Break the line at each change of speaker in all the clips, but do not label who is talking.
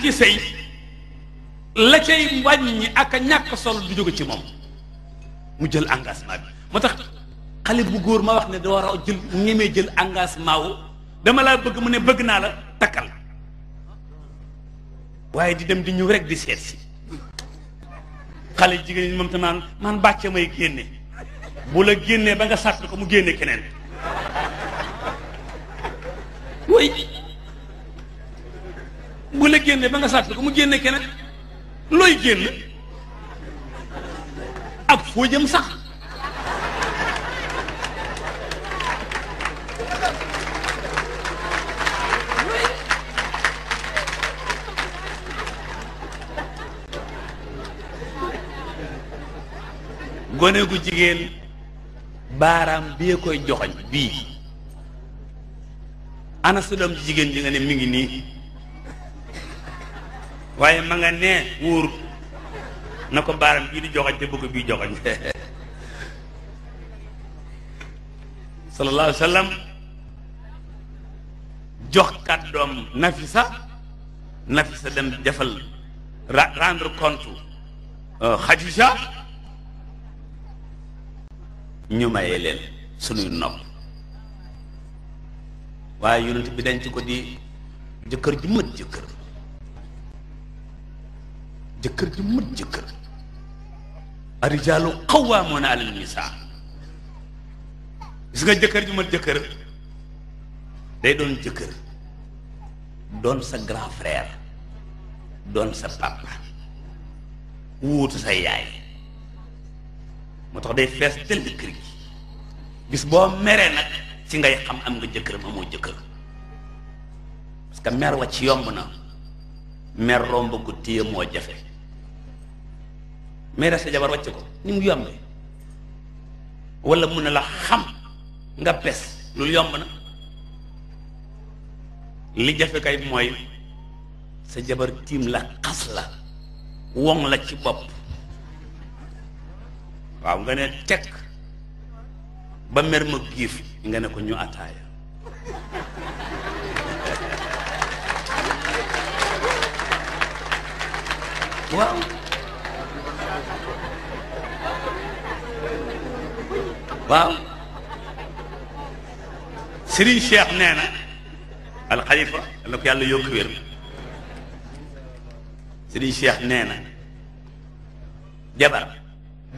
ci sëy la cay wàññi ak a ñàkk solo du jóge ci moom mu jël engagement bi moo tax xale bu góor ma wax ne da war a jël ñemee jël engagement wu dama laa bëgg mu ne bëgg naa la takkal waaye di dem di ñëw rek di seet si xale jigéen ñi moom te naan man bàcce may génne bu la génnee ba nga sàtt ko mu génne keneen bu la génnee ba nga sàtt ko mu génne keneen looy génn ak foo jëm sax gone gu jigéen baaraam bi bii koy joxoñ bii ana sa doom jigéen ji nga ne mi ngi nii waye ma nga ne wour nako baram bi di joxante bëgg bi joxante sallallahu alaihi wasallam, jox kat dom nafisa nafisa dem defal rendre compte euh, khadija ñu maye len suñu nopp waye yonent bi ci ko di jëkër ji mëd jëkër jëkkër ju mët jëkkër arijaalu qawwaamuuna alal nisaa gis nga jëkkër ju mët jëkkër day doon jëkkër doon sa grand frère doon sa papa wuutu sa yaay moo tax day fees tëll kër gi bis boo meree nag ci ngay xam am nga jëkkër ma moo jëkkër parce que mer wa ci yomb na mer romb ko téye moo jafe meras sa jabar wàcc ko ni mu yombe wala mun na la xam nga bes lu yomb na li jafé kay moy sa jabar tim la khas la wong la ci bop waaw nga ne tek ba mer ma gif nga ne ko ñu ataaya waaw waaw Serigne Cheikh nee na alxalifa na ko yàlla yokk wér Serigne Cheikh nee neena jabar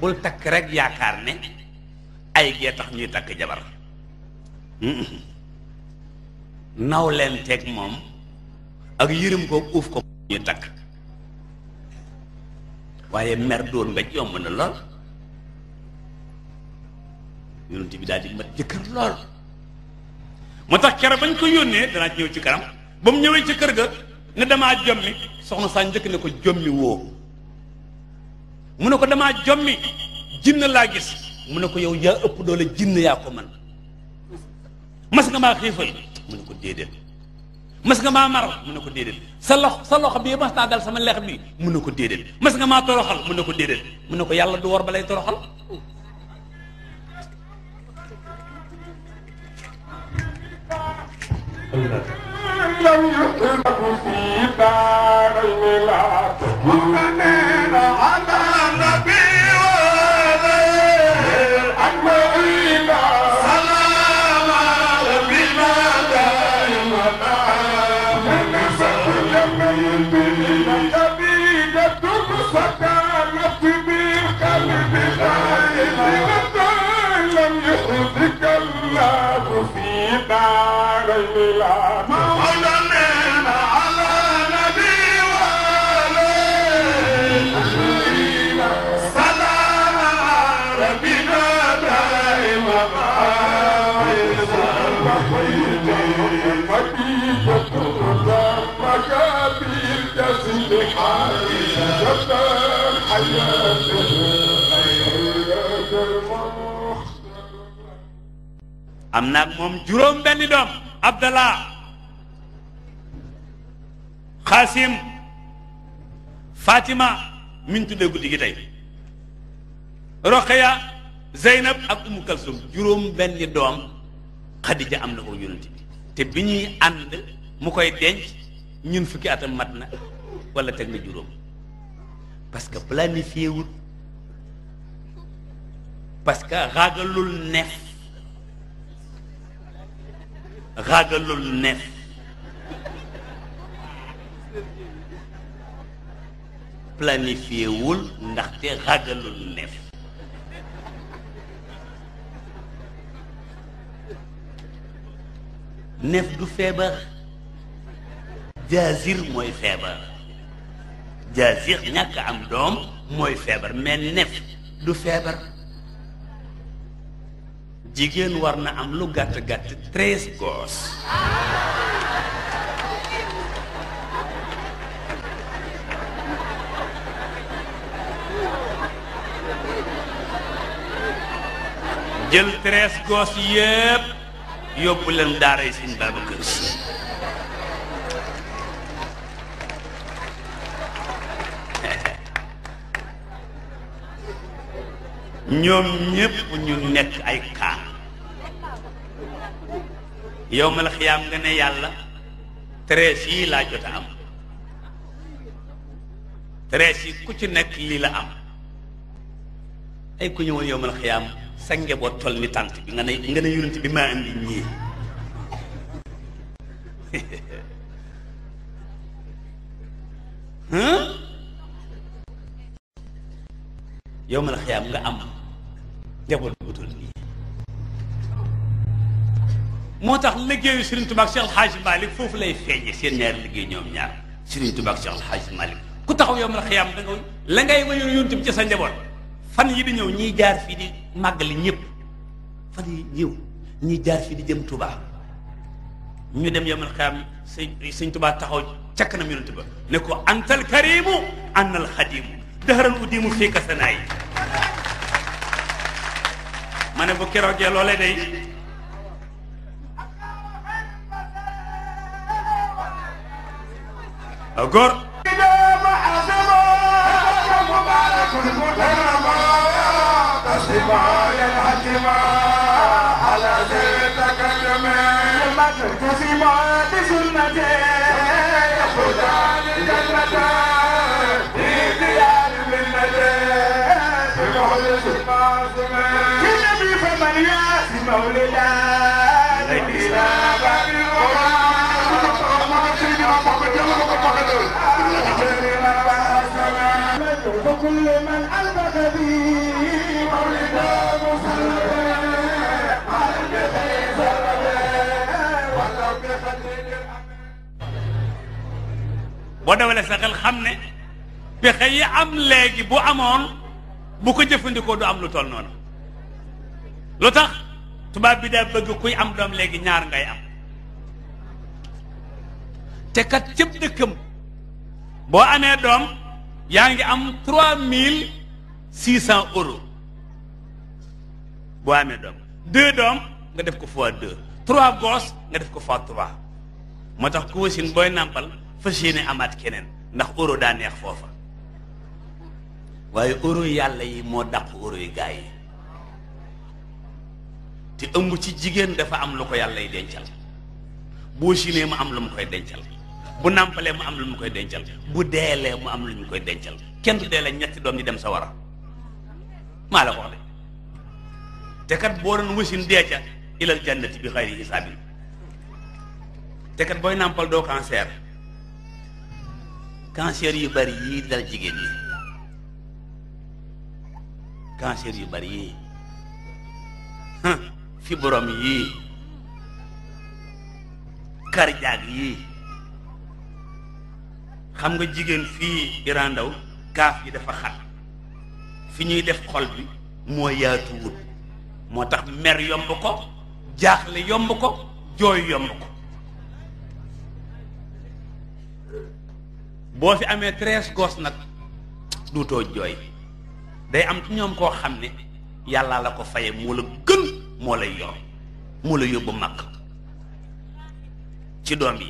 bul takk rekk yaakaar ne ay gee tax ñuy takk jabar naw leen teg moom ak yërëm ko uuf ko ñuy takk waaye mer doon nga yomb na lool yonent bi daal di mat jëkkër lool moo tax kere bañ ko yónnee danaa ci ñëw ci kanam ba mu ñëwee ca kër ga ne damaa jommi soxna saa njëkk ne ko jommi woo mu ne ko damaa jommi jinn laa gis mu na ko yow yaa ëpp doole jinn yaa ko man mas nga maa xiifal mu ne ko déedéet mas nga maa mar mu ne ko déedéet sa lox sa loxo bii mas naa dal sama lex bi mu ne ko déedéet mas maa toroxal mu ne ko déedéet mun ne ko yàlla du wor ba lay toroxal Thank you. am na ak moom juróom benni doom abdallah xaasim fatima min tuddee guddi gi tey roqeya zeynab ak umu kalsum juróom benni doom xadija am na ko yonent bi te bi ñuy ànd mu koy denc ñun fukki atam mat na wala teg na juróom parce que planifié wul parce que غادلوا الناس planifié wul ndaxte ragalul neef neef du feebar jaazir mooy feebar jaazir ñàkk am doom mooy feebar mais neef du feebar jigen warna amlu am lu gàtt gàtt treize gos jel tres gos yep yo bulan dari sin Sëñ nyom nyep ñoom ñépp ñu yowmal xiyaam nga ne yàlla treize yii laa jot a am treize yi ku ci nekk lii la am ay ku ñëwoon yowmal xiyaam sa njaboot toll ni tànt bi nga ne nga ne yonent bi maa indi ñii yowmal xiyaam nga am njaboot moo tax liggéeyu Serigne Touba ak Cheikh Al Hadj Malick foofu lay feeñe seen ñaari liggéey ñoom ñaar Serigne Touba ak Cheikh Al Hadj Malick ku taxaw yow mal xiyaam da nga la ngay wayoo yónte bi ci sa njaboot fan yi di ñëw ñiy jaar fii di màggali ñëpp fan yi ñëw ñiy jaar fii di jëm Touba ñu dem yow mal xiyaam sëñ sëñ Touba taxaw ca kanam yónte ba ne ko antal karimu annal xadimu dëxëran uddimu fii kasanaay ma ne bu keroogee loolee day aw góor مولدان الإسلام بالقرآن سيدنا محمد يلا boo dawalee sa xel xam ne pexe yi am léegi bu amoon bu ko jëfandikoo du am lu toll noonu lu tax tubaab bi daa bëgg kuy am doom léegi ñaar ngay am te kat cëb dëkkam boo amee doom yaa ngi am trois mille six cent euros boo amee doom deux doom nga def ko fois deux trois gosses nga def ko fois trois moo tax ku wasin booy nàmpal fas yéene amaat keneen ndax euro daa neex foofa waaye euro yàlla yi moo dàq euro yi gaa yi te ëmb ci jigéen dafa am lu ko yàlla yi dencal boo sinee ma am lu mu koy dencal bu nàmpalee mu am lu mu koy dencal bu deelee mu am lu mu koy dencal kenn du deelee ñetti doom di dem sa war a maa la ko wax boo doon wasin dee ilal jannati bi xayri hisaabin te kat booy nàmpal doo cancer cancer yu bari yii dal jigéen ñi cancer yu bari yii fibrome yii cardiaque yii xam nga jigéen fii irandaw gaaf yi dafa xat fi ñuy def xol bi moo yaatuwut moo tax mer yomb ko jaaxle yomb ko jooy yomb ko boo fi amee treize gos nag duutoo jooy day am ci ñoom koo xam ne yàllaa la ko faye moo la gën moo lay yor moo la yóbbu mag ci doom yi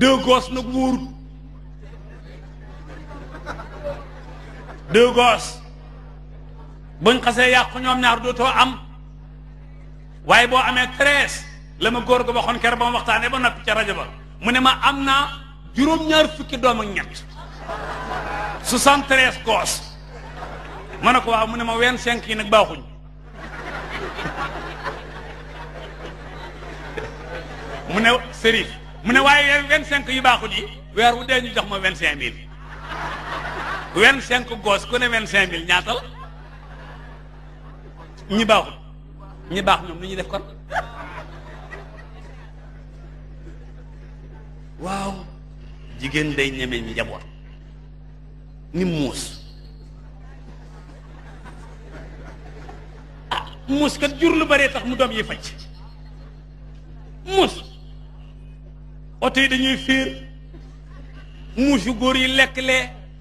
deux gos nag wóorut deux gos buñ xasee yàqu ñoom ñaar dootoo am waaye boo amee treize la ma góor ga waxoon keroog ba ma waxtaanee ba nag ca rajo ba mu ne ma am na juróom-ñaar fukki doomu ak ñett soixante treize gos ne ko waaw mu ne ma wenn cinq yi nag baaxuñ mu ne Serif mu ne waaye wenn cinq yu baaxuñ yi weer wu dee ñu jox ma vingt cinq mille vingt cinq gos ku ne vingt cinq mille ñaata la ñi baaxul ñi baax ñoom lu ñuy def kon waaw jigéen day ñeme njaboot ni muus ah muus kat jur lu bëree tax mu doom yi faj muus oto yi dañuy fiir muus yu góor yi lekk lee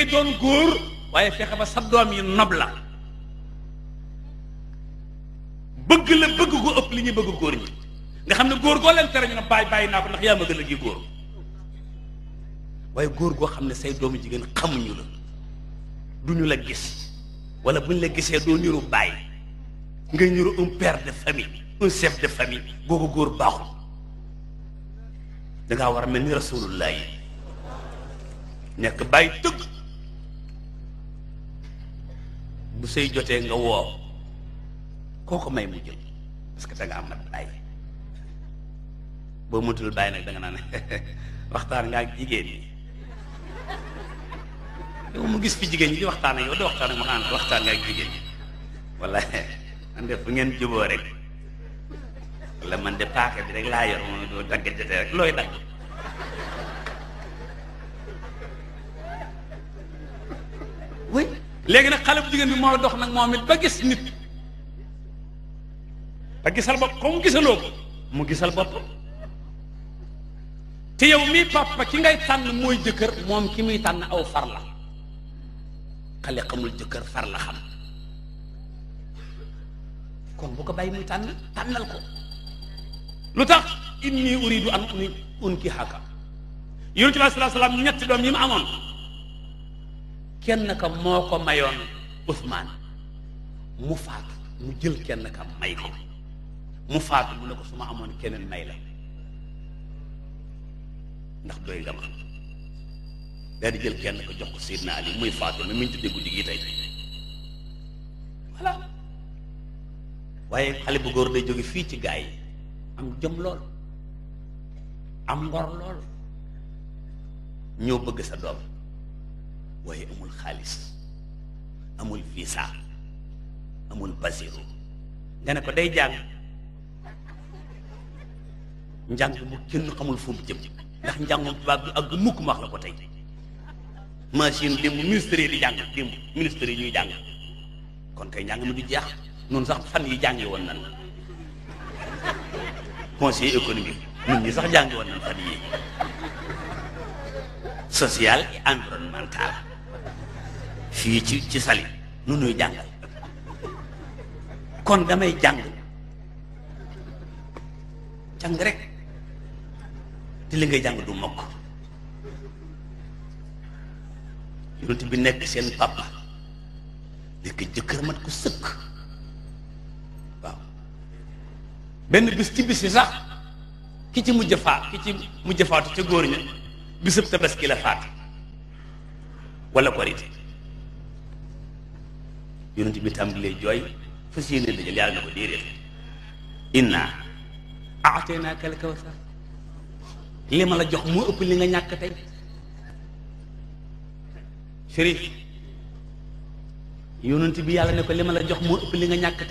ngay doon góor waaye fexe ba sa doom yi nob la bëgg la bëgg ko ëpp li ñuy bëgg góor ñi nga xam ne góor goo leen tere ñu ne bàyyi naa ko ndax yaa ma gën gi góor waaye góor goo xam ne say doomu jigéen xamuñu la ñu la gis wala buñ la gisee doo niru bàyyi nga niru un père de famille un chef de famille googu góor baaxul dangaa war a mel ni rasulullah yi nekk bàyyi tëgg bu sëy jotee nga ko ko may mu jël parce que da nga am mat baay boo mënatul bàyyi nag da nga naan waxtaan nga ak jigéen ñi mu gis fi jigen ni di waxtaan ak yow di ma xanaa waxtaan nga ak jigéen ñi wala man ngeen juboo rek wala man de paaka bi rek laa yor moom doo dagg jotee rek looy dagg léegi nak xale bu jigéen bi mo dox nak momit ba gis nit ba gisal bop comme gisaloo ko mu gisal bop ci yow mi papa ki ngay tan moy jeuker mom ki mi tan aw farla la xale xamul jeuker farla xam kon bu ko bay mi tan tanal ko lutax inni uridu an unki haka yunus sallallahu alaihi wasallam ñet doom yi mu kenn ka moo ko mayoon Ousmane mu faatu mu jël kenn ka may ko mu faatu mu ne ko su ma amoon keneen may la ndax doy nga ma jël kenn ko jox ko Seydina Ali muy faatu mi muñ tuddee guddi gi tey voilà waaye xale bu góor day jóge fii ci gaa yi am jëm lool am ngor lool ñoo bëgg sa doom waaye amul xaalis amul visa amul basiru nga ne ko day jàng njàng bu kenn xamul fu jëm ndax njàngum tubaab bi ak mukk ma wax la ko tey machine démb ministre yi di jàng démb ministre yi ñuy jàng kon kay njàng mi du jeex noonu sax fan yi jàngi woon nan conseil économique ñun ñi sax jàngi woon nan fan yi social et fii ci ci sali nu nuy jàngal kon damay jàng jàng rek te li ngay jàng du mokk yonent bi nekk seen papa nekk jëkkër mat ko sëkk waaw benn bis ci bis sax ki ci mujj faat ki ci mujj faatu ca góor ña bisub tabaski la faat wala korite yonent bi tàmbalee jooy fas yéene dajal yàlla na ko déedéet inna aataynaaka al kawsar li ma la jox moo ëpp li nga ñàkk tey chérif yonent bi yàlla ne ko li la jox moo ëpp li nga ñàkk tey